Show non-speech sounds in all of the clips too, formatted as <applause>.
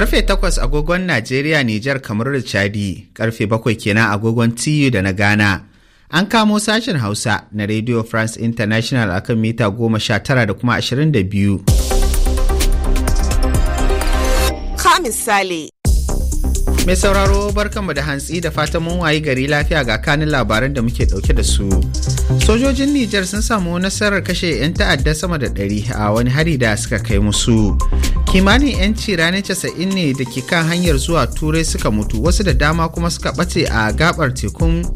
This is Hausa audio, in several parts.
Karfe takwas agogon Najeriya, Nijar, kamar da Chadi, karfe bakwai kenan agogon TU da na Ghana. An kamo sashen Hausa na Radio France International akan mita goma sha tara da kuma ashirin da biyu. Ka misali. Mai sauraro barkanmu da hantsi da fatan mun wayi gari lafiya ga kanin labaran da muke dauke da su. Sojojin Nijar sun samu nasarar kashe 'yan ta'adda sama da ɗari a wani hari da suka kai musu. kimanin 'yanci ranar casa'in ne da ke kan hanyar zuwa turai suka mutu wasu da dama kuma suka ɓace a gabar tekun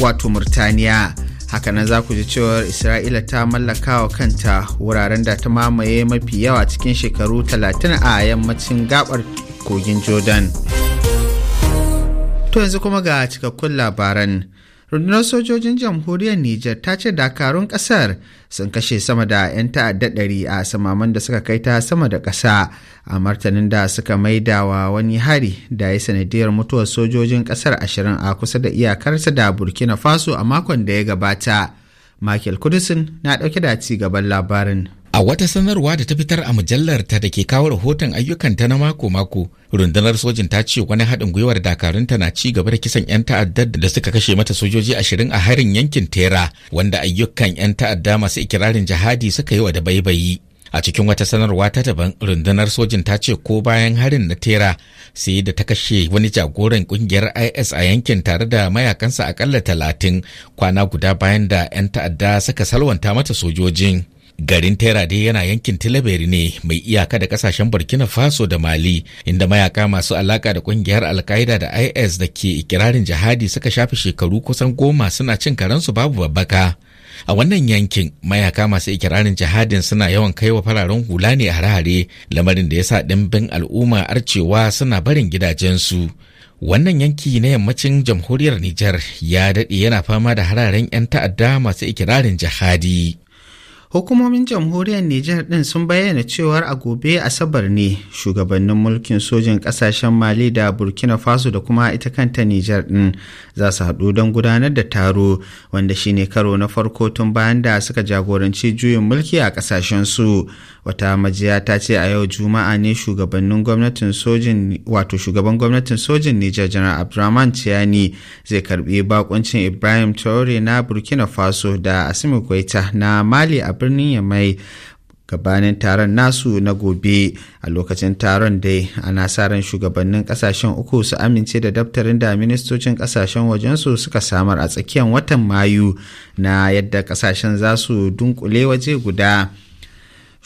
wato murtaniya hakanan za ku ji cewar isra'ila ta mallaka wa kanta wuraren da ta mamaye mafi yawa cikin shekaru 30 a yammacin gabar kogin jordan to yanzu kuma ga cikakkun labaran rundunar sojojin jamhuriyar Nijar ta ce dakarun kasar sun kashe sama da 'yan ta'adda ɗari a samaman da suka kai ta sama da ƙasa a martanin da suka maida wa wani hari da ya sanadiyar mutuwar sojojin ƙasar ashirin a kusa da iyakarsa da burkina faso a makon da ya gabata michael kudusin na ɗauke da ci gaban labarin A wata sanarwa da ta fitar a mujallar ta da ke kawo rahoton ayyukanta na mako-mako, rundunar sojin ta ce wani haɗin gwiwar dakarunta na ci gaba da kisan 'yan ta'adda da suka kashe mata sojoji ashirin a harin yankin Tera, wanda ayyukan 'yan ta'adda masu ikirarin jihadi suka yi wa da baibayi. A cikin wata sanarwa ta daban, rundunar sojin ta ce ko bayan harin na Tera sai da ta kashe wani jagoran kungiyar IS a yankin tare da mayakansa akalla talatin kwana guda bayan da 'yan ta'adda suka salwanta mata sojojin. Garin Tera dai yana yankin Tilaberi ne mai iyaka da kasashen Burkina Faso da Mali inda mayaka masu alaka da kungiyar Alkaida da IS da ke ikirarin jihadi suka shafi shekaru kusan goma suna cin karensu babu babbaka. A wannan yankin mayaka masu ikirarin jihadin suna yawan kaiwa fararen hula ne a hare lamarin da ya sa ɗimbin al'umma arcewa suna barin gidajensu. Wannan yanki na yammacin jamhuriyar Nijar ya daɗe yana fama da hararen 'yan ta'adda masu ikirarin jihadi. Hukumomin jamhuriyar Nijar ɗin sun bayyana cewar a gobe Asabar ne shugabannin mulkin sojin ƙasashen Mali da Burkina Faso da kuma ita kanta Nijar ɗin za su haɗu don gudanar da taro wanda shine karo na farko tun bayan da suka jagoranci juyin mulki a ƙasashen su. wata majiya ta ce a yau juma'a ne shugabannin gwamnatin sojin wato shugaban gwamnatin sojin Niger janar abdurrahman Tiani zai karbi bakuncin ibrahim traore na burkina faso da asimi Goita na mali a birnin yamai gabanin taron nasu na gobe a lokacin taron dai ana sa ran shugabannin kasashen uku su amince da daftarin da ministocin kasashen wajensu suka samar a tsakiyar watan mayu na yadda kasashen za su dunkule waje guda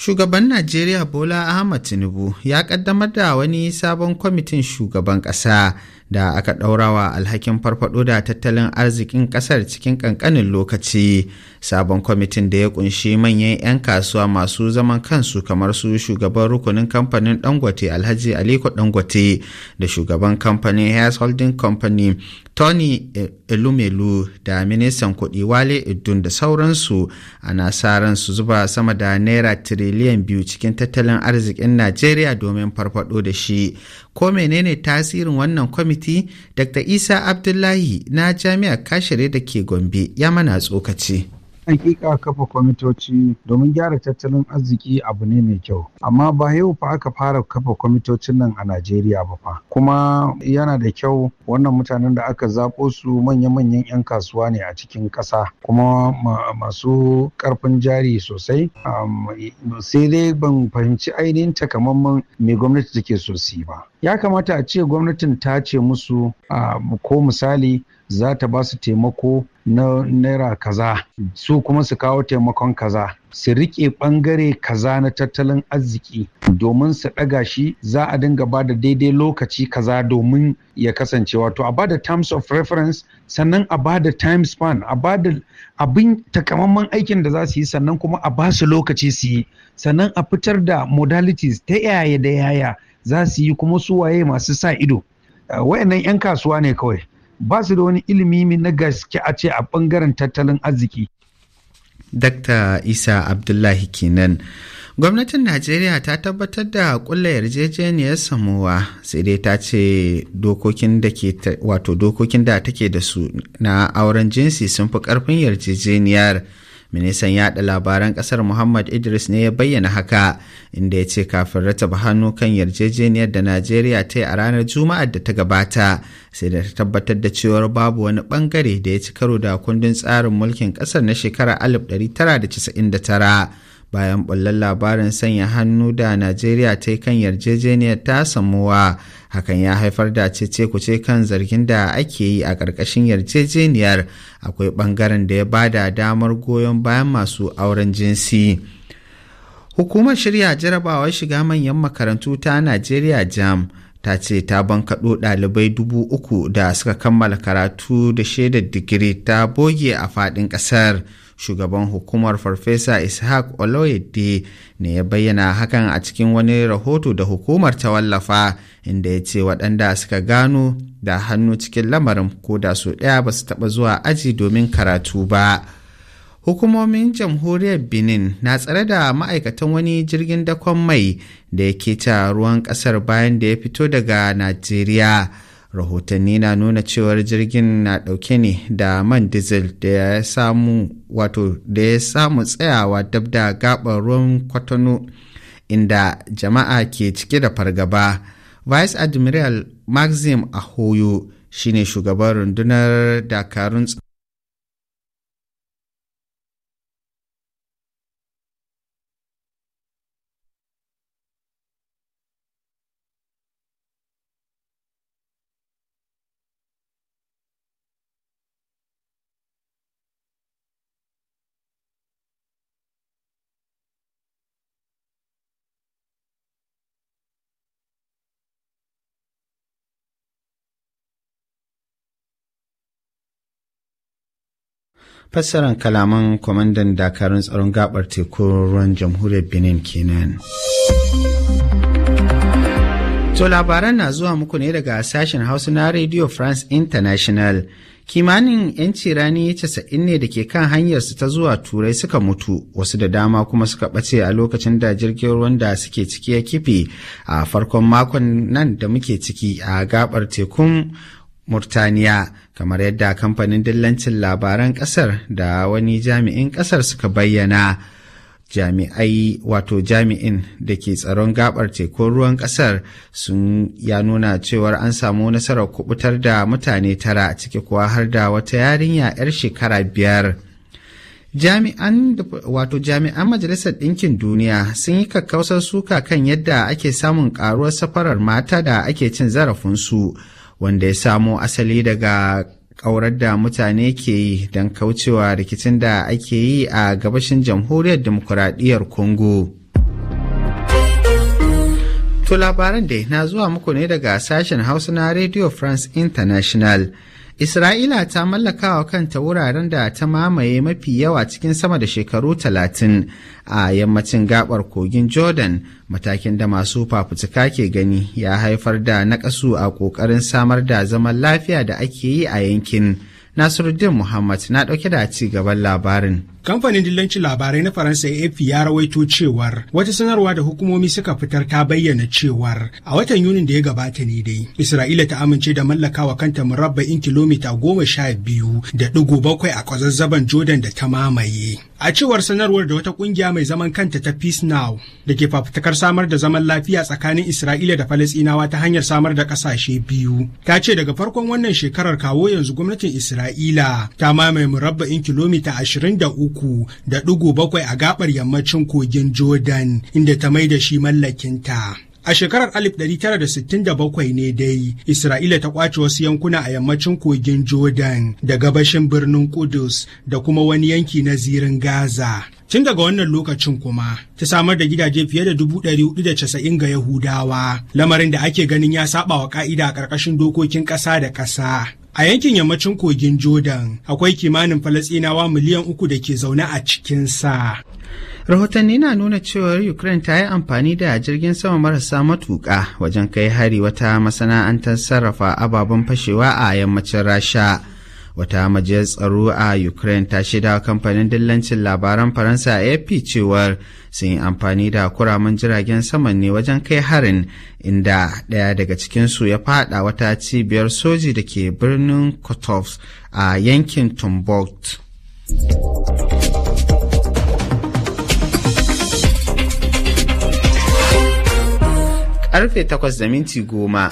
Shugaban Najeriya Bola Ahmad Tinubu ya kaddamar da wani sabon kwamitin shugaban ƙasa da aka ɗaurawa alhakin farfaɗo da tattalin arzikin ƙasar cikin ƙanƙanin lokaci. Sabon kwamitin da ya ƙunshi manyan 'yan kasuwa masu zaman kansu kamar su shugaban rukunin kamfanin Dangote Alhaji Aliko Dangote da shugaban kamfanin Hairs Holding Company Tony eh, elu-melu da ministan kuɗi wale idun da sauransu ana sa su zuba sama da naira tiriliyan biyu cikin tattalin arzikin najeriya domin farfado da shi ko menene tasirin wannan kwamiti dr isa abdullahi na jami'ar kashire da ke gombe ya mana tsokaci hakika kafa kwamitoci domin gyara tattalin arziki abu ne mai kyau amma ba yau fa aka fara kafa kwamitocin nan a najeriya ba fa kuma yana da kyau wannan mutanen da aka zaɓo su manya-manyan 'yan kasuwa ne a cikin ƙasa kuma masu ƙarfin jari sosai sai dai ban fahimci ainihin takamaiman mai gwamnati take so su ba ya kamata a ce gwamnatin ta ce musu ko misali za ta ba su taimako na naira kaza su kuma su kawo taimakon kaza su riƙe bangare kaza na tattalin arziki domin su ɗaga shi za a dinga ba da daidai lokaci kaza domin ya kasance wato a ba da terms of reference sannan a ba da time span a ba da abin takamaiman aikin da za su yi sannan kuma a ba su lokaci su yi sannan a fitar da modalities ta yaya da yaya za su yi kuma su waye masu sa ido wayannan 'yan kasuwa ne kawai ba su da wani ilimi na gaske a ce a ɓangaren tattalin arziki. Dr Isa Abdullahi kenan. Gwamnatin Najeriya ta tabbatar da kulla yarjejeniyar samuwa sai dai ta ce dokokin da ke wato dokokin da take da su na auren jinsi sun fi karfin yarjejeniyar. ministan yaɗa labaran ƙasar muhammad idris ne ya bayyana haka inda ya ce kafin rataba hannu kan yarjejeniyar da najeriya ta yi a ranar juma'ar da ta gabata sai da ta tabbatar da cewar babu wani bangare da ya ci karo da kundin tsarin mulkin ƙasar na shekarar 1999 bayan ɓullar labarin sanya hannu da najeriya ta yi kan yarjejeniyar ta samuwa hakan ya haifar da cece kuce kan zargin da ake yi a ƙarƙashin yarjejeniyar akwai ɓangaren da ya ba da damar goyon bayan masu auren jinsi hukumar shirya jarabawar shiga manyan makarantu ta najeriya jam ta ce ta bankaɗo ɗalibai dubu uku da suka kammala karatu da shaidar digiri ta boge a faɗin ƙasar. shugaban hukumar farfesa ishaq oloyede ne ya bayyana hakan a cikin wani rahoto da hukumar ta wallafa inda ya ce waɗanda suka gano da hannu cikin lamarin ko da su ɗaya ba su taɓa zuwa aji domin karatu ba hukumomin jamhuriyar benin na tsare da ma'aikatan wani jirgin dakon mai da ya keta ruwan ƙasar bayan da ya fito daga najeriya rahotanni na nuna cewar jirgin na dauke ne da man diesel da ya samu wato da ya samu tsayawa dab da gabar ruwan kwatano inda jama'a ke cike da fargaba vice admiral maxim ahoyo shine shugaban rundunar dakarun fassarar kalaman kwamandan dakarun tsaron gabar tekun ruwan jamhuriyar benin kenan to labaran na zuwa muku ne daga sashen hausa na radio france international kimanin 'yanci rani 90 ne da ke kan hanyarsu ta zuwa turai suka mutu wasu da dama kuma suka ɓace a lokacin da jirgin ruwan da suke ciki ya kife a farkon makon nan da muke ciki a gabar tekun Murtaniya kamar yadda kamfanin dillancin labaran ƙasar da wani jami'in ƙasar suka bayyana jami'ai wato jami'in da ke tsaron gabar tekun ruwan ƙasar sun ya nuna cewar an samu nasarar kubutar da mutane tara ciki kuwa har da wata yarinya 'yar shekara biyar. jami'an wato jami'an majalisar ɗinkin duniya sun yi kakkausar suka kan yadda ake samun ƙaruwar safarar mata da ake cin zarafinsu wanda ya samo asali daga ƙaurar da mutane ke yi don kaucewa rikicin da ake yi a gabashin jamhuriyar demokuraɗiyyar congo to labaran da na zuwa muku ne daga sashen hausa na radio france international Isra'ila ta mallaka wa kanta wuraren da ta mamaye mafi yawa cikin sama da shekaru talatin a yammacin gabar kogin Jordan matakin da masu fafutuka ke gani ya haifar da nakasu a ƙoƙarin samar da zaman lafiya da ake yi a yankin. Nasiruddin Muhammad na ɗauke da ci gaban labarin. Kamfanin dillanci labarai na Faransa AFP ya rawaito cewar wata sanarwa da hukumomi suka fitar ta bayyana cewar a watan Yunin da ya gabata ne dai. Isra'ila ta amince da mallakawa kanta murabba'in kilomita goma sha biyu da ɗigo bakwai a kwazazzaban Jordan da ta mamaye. A cewar sanarwar da wata kungiya mai zaman kanta ta Peace Now da ke fafutukar samar da zaman lafiya tsakanin Isra'ila da Falasɗinawa ta hanyar samar da ƙasashe biyu. Ta ce daga farkon wannan shekarar kawo yanzu gwamnatin Isra'ila ta mamaye murabba'in kilomita ashirin da uku da digo bakwai a gabar yammacin kogin Jordan inda ta mai da shi mallakinta. A shekarar 1967 ne dai Isra'ila ta kwace wasu yankuna a yammacin kogin Jordan da gabashin birnin Kudus da kuma wani yanki na zirin Gaza. Tun daga wannan lokacin kuma ta samar da gidaje fiye da 490 ga Yahudawa, lamarin da ake ganin ya saba wa ka'ida a ƙarƙashin dokokin ƙasa da ƙasa. A yankin yammacin kogin Jordan akwai kimanin Falasɗinawa miliyan uku da ke zaune a cikinsa. rahotanni na nuna cewar ukraine ta yi amfani da jirgin sama marasa matuƙa wajen kai hari wata masana'antar sarrafa ababen fashewa a yammacin rasha wata majiyar tsaro a ukraine ta shida kamfanin dillancin labaran faransa ap cewar sun yi amfani da kuramin jiragen saman ne wajen kai harin inda ɗaya daga cikinsu ya fada wata cibiyar soji da ke birnin kotovs a yankin tumbot karfe 8 da minti goma.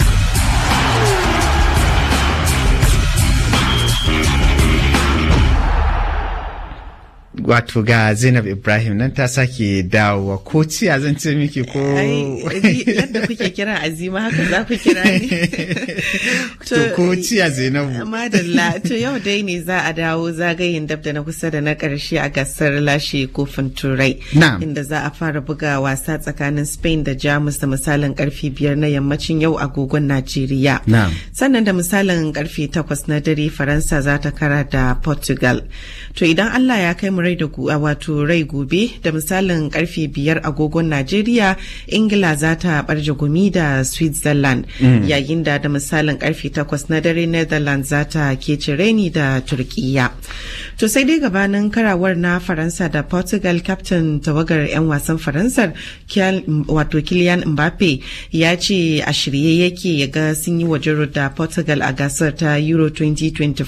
wato ga zainab ibrahim nan ta sake dawowa ko ciya zan ce miki ko yadda kuke kira azima haka za ku kira ni <laughs> to ko ciya zainabu madalla to yau dai ne za a dawo zagayen dab da na kusa da na karshe a gasar lashe kofin turai inda za a fara buga wasa tsakanin spain da jamus da misalin karfe biyar na yammacin yau agogon najeriya sannan da misalin karfe takwas na dare faransa za ta kara da portugal to idan allah ya kai mu rai da wato rai gobe da misalin karfe biyar agogon Najeriya Ingila za ta barje gumi da Switzerland mm. yayin da da misalin karfe takwas na dare Netherlands za ta kece reni da Turkiya. To sai dai gabanin karawar na Faransa da Portugal captain tawagar 'yan wasan Faransar wato Kylian Mbappe ya ce a shirye yake ya ga sun yi wajen da Portugal a gasar ta Euro 2024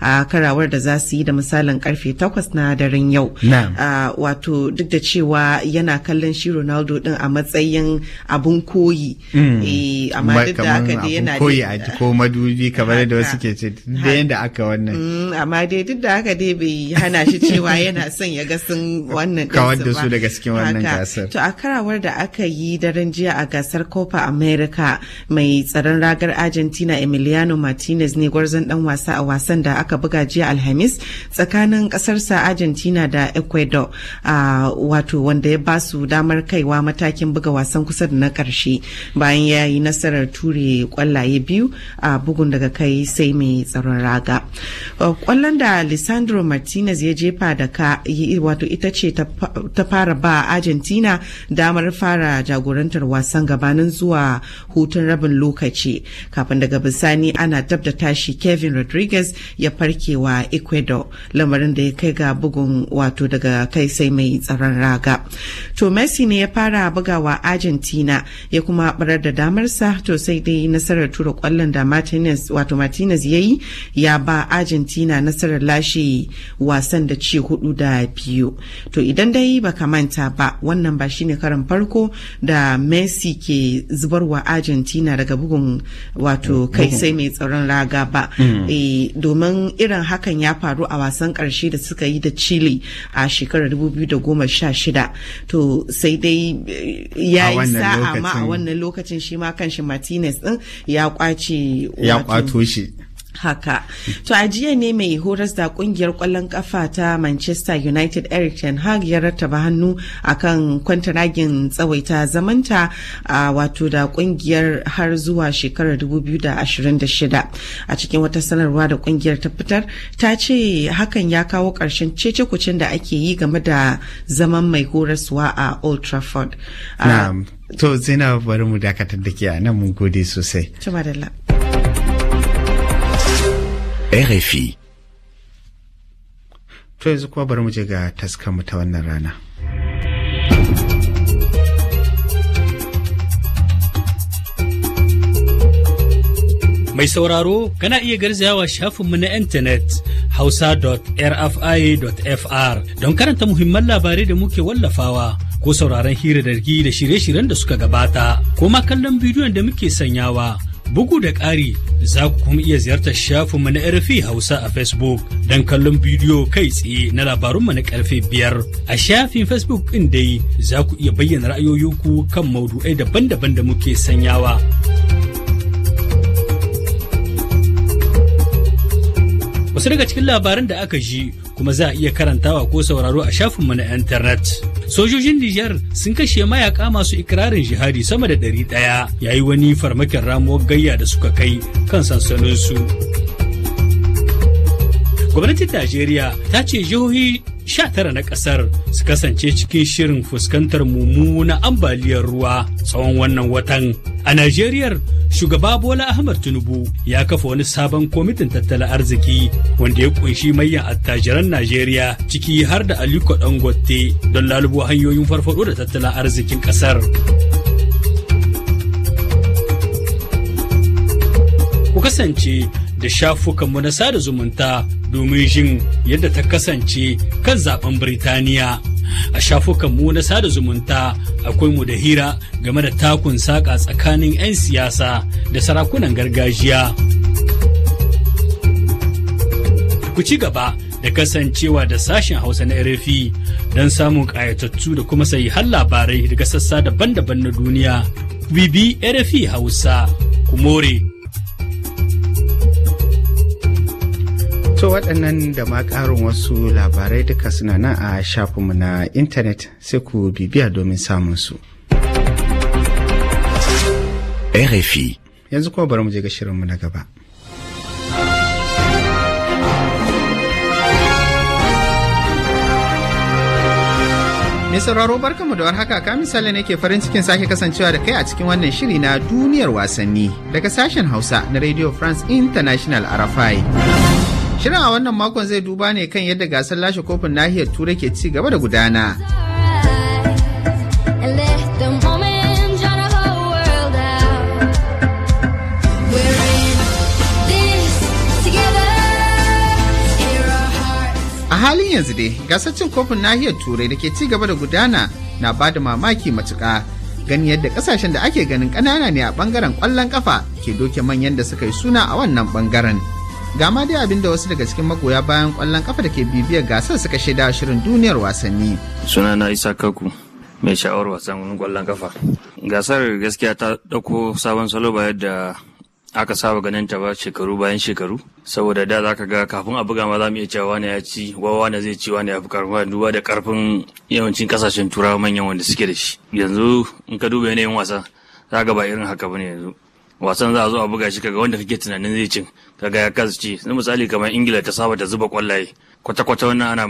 a karawar da za su yi da misalin karfe takwas na dare. daren yau ah, wato duk da cewa yana kallon shi Ronaldo din a matsayin abun koyi hmm. eh, amma duk da haka dai yana koyi a ko madubi kamar yadda wasu ke ce da yadda aka wannan hmm, amma dai duk da haka dai bai hana shi cewa yana son ya ga sun wannan kawar da su daga cikin wannan gasar to a karawar da aka yi daren jiya a gasar Copa America mai tsaron ragar Argentina Emiliano Martinez ne gwarzon dan wasa a wasan da aka buga jiya Alhamis tsakanin kasarsa Argentina argentina da ecuador uh, wato wanda ya ba su damar kaiwa matakin buga wasan kusa da na karshe bayan ya yi nasarar ture kwallaye biyu a bugun daga kai sai mai tsaron raga kwallon da lissandro martinez ya jefa da ka wato ita ce ta fara ba argentina damar fara jagorantar wasan gabanin zuwa hutun rabin lokaci kafin daga bisani ana tabda tashi kevin rodriguez ya farkewa ecuador lamarin da ya kai ga bugun wato daga kai sai mai tsaron raga To Messi ne ya fara bugawa Argentina ya kuma barar da damarsa to sai dai nasarar tura kwallon da Martinez wato Martinez ya yi ya ba Argentina nasarar lashe wasan da ci hudu da biyu. To idan dai baka manta ba wannan ba shine karin farko da Messi ke zubarwa Argentina daga bugun wato kai mm-hmm. sai mai tsaron raga ba. Mm-hmm. Eh, domin irin hakan ya faru a wasan karshe da suka yi da Chile a shekarar 2016 to sai dai eh, ya yi sa'a ma a wannan lokacin shi ma kan shi martinez din ya kwace ya kwato shi Haka. To a jiya ne mai horas da kungiyar kwallon kafa ta Manchester United Eric Ten Hag ya rattaba hannu a akan kwantaragin tsawaita zamanta a wato da kungiyar har zuwa shekarar 2026. A cikin wata sanarwa da kungiyar ta fitar ta ce hakan ya kawo karshen cece kucin da ake yi game da zaman mai horaswa a Old Trafford. To Zainab bari mu dakatar da ke nan mun gode sosai. RFI. To yanzu kuma bari mu je ga mu ta wannan rana. Mai sauraro kana iya garzayawa shafinmu na intanet hausa.rfi.fr don karanta muhimman labarai da muke wallafawa ko sauraron hira da shirye-shiryen da suka gabata ko ma kallon bidiyon da muke sanyawa. Bugu da ƙari za ku kuma iya ziyartar shafinmu na RFI Hausa a Facebook don kallon bidiyo kai tsaye na labarunmu na ƙarfe biyar. A shafin Facebook ɗin dai za ku iya bayyana ra'ayoyinku kan maudu'ai daban-daban da muke sanyawa. Wasu daga cikin labaran da aka ji kuma za a iya karantawa ko sauraro a shafinmu na intanet. Sojojin Nijar sun kashe mayaka masu ikirarin jihadi sama da ɗari ɗaya yayi wani farmakin ramuwar gayya da suka kai kan sansaninsu. Gwamnatin Najeriya ta ce jihohi 19 na kasar su kasance cikin shirin fuskantar mummuna ambaliyar ruwa tsawon wannan watan. A Najeriya, shugaba Bola Ahmad Tinubu ya kafa wani sabon kwamitin tattalin arziki wanda ya kunshi manyan attajiran Najeriya ciki har da Aliko Dangote don lalubo hanyoyin farfado da tattalin arzikin kasar. Ku kasance da shafukanmu na sada zumunta domin jin yadda ta kasance kan zaben Birtaniya. A shafukanmu na sada zumunta akwai mu da hira game da takun saƙa tsakanin 'yan siyasa da sarakunan gargajiya. Ku ci gaba da kasancewa da sashen Hausa na RFI don samun ƙayatattu da kuma sayi har labarai daga sassa daban-daban na duniya. Bibi RFI Hausa, Kumore. more To waɗannan da ma ƙarin wasu labarai duka suna nan a shafinmu na intanet sai ku bibiya domin samun su. RFI. Yanzu kuma bari mu je ga shirinmu na gaba. Mai sauraro barkanmu da warhaka ka misali ne ke farin cikin sake kasancewa da kai a cikin wannan shiri na duniyar wasanni daga sashen Hausa na Radio France International Rafai. Shirin a wannan makon zai duba ne kan yadda gasar lashe kofin nahiyar Turai ke ci gaba da gudana. A halin yanzu dai gasar cin kofin nahiyar Turai da ke ci gaba da gudana na ba da mamaki matuƙa gani yadda kasashen da ake ganin ƙanana ne a ɓangaren ƙwallon ƙafa ke doke manyan da suka yi suna a wannan ɓangaren. ga ma dai abinda wasu daga cikin magoya bayan kwallon kafa da ke bibiyar gasar suka shaida shirin duniyar wasanni sunana isa kaku mai sha'awar wasan kwallon kafa gasar gaskiya ta dauko sabon salo ba yadda aka saba ganin ta ba shekaru bayan shekaru saboda da zaka ga kafin a buga ma za mu iya cewa wani ya ci wawa wani zai ci wani ya fi karfa duba da karfin yawancin kasashen turawa manyan wanda suke da shi yanzu in ka duba yanayin wasa za ga ba irin haka ba ne yanzu wasan za a zo a buga shi kaga wanda kake tunanin zai cin kaga ya kasa ci na misali kamar ingila ta saba ta zuba kwallaye kwata-kwata wannan ana